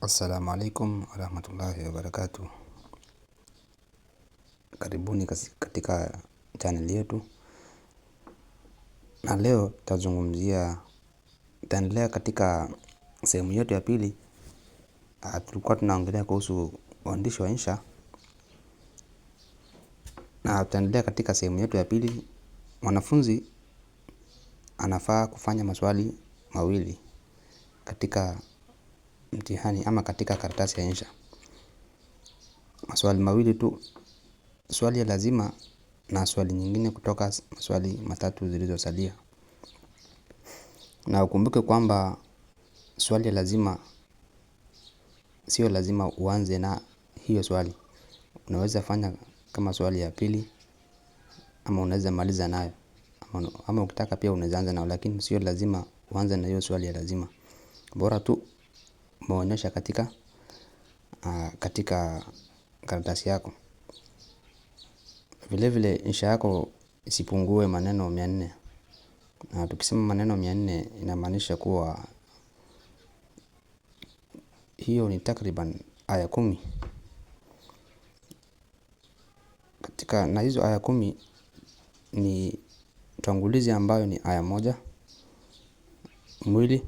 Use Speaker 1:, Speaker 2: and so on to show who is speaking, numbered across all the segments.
Speaker 1: Assalamu alaikum warahmatullahi wabarakatuh. Karibuni katika channel yetu, na leo tutazungumzia, tutaendelea katika sehemu yetu ya pili. Ah, tulikuwa tunaongelea kuhusu uandishi wa insha, na tutaendelea katika sehemu yetu ya pili. Mwanafunzi anafaa kufanya maswali mawili katika mtihani ama katika karatasi ya insha. Maswali mawili tu, swali ya lazima na swali nyingine kutoka maswali matatu zilizosalia. Na ukumbuke kwamba swali ya lazima sio lazima uanze na hiyo swali. Unaweza fanya kama swali ya pili ama unaweza maliza nayo ama ukitaka pia unaweza anza nayo lakini sio lazima uanze na hiyo swali ya lazima. Bora tu umeonyesha katika ah, katika karatasi yako. Vile vile insha yako isipungue maneno mia nne. Na tukisema maneno mia nne inamaanisha kuwa hiyo ni takriban aya kumi. Katika na hizo aya kumi ni tangulizi ambayo ni aya moja, mwili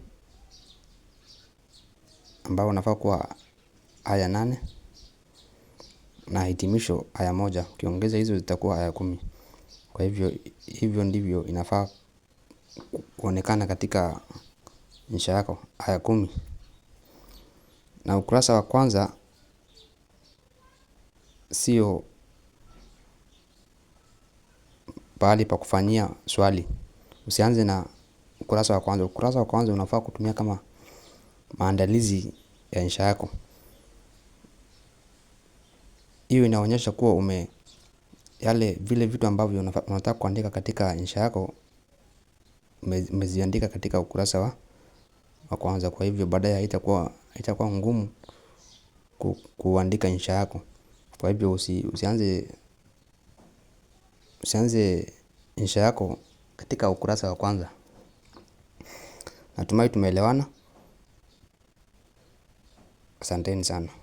Speaker 1: ambao unafaa kuwa aya nane na hitimisho aya moja. Ukiongeza hizo zitakuwa aya kumi. Kwa hivyo hivyo ndivyo inafaa kuonekana katika insha yako aya kumi. Na ukurasa wa kwanza sio pahali pa kufanyia swali. Usianze na ukurasa wa kwanza. Ukurasa wa kwanza unafaa kutumia kama maandalizi ya insha yako. Hiyo inaonyesha kuwa ume yale vile vitu ambavyo unataka kuandika katika insha yako umeziandika katika ukurasa wa wa kwanza. Kwa hivyo baadaye haitakuwa itakuwa ngumu kuandika insha yako. Kwa hivyo usianze usianze insha yako katika ukurasa wa kwanza. Natumai tumeelewana. Asanteni sana.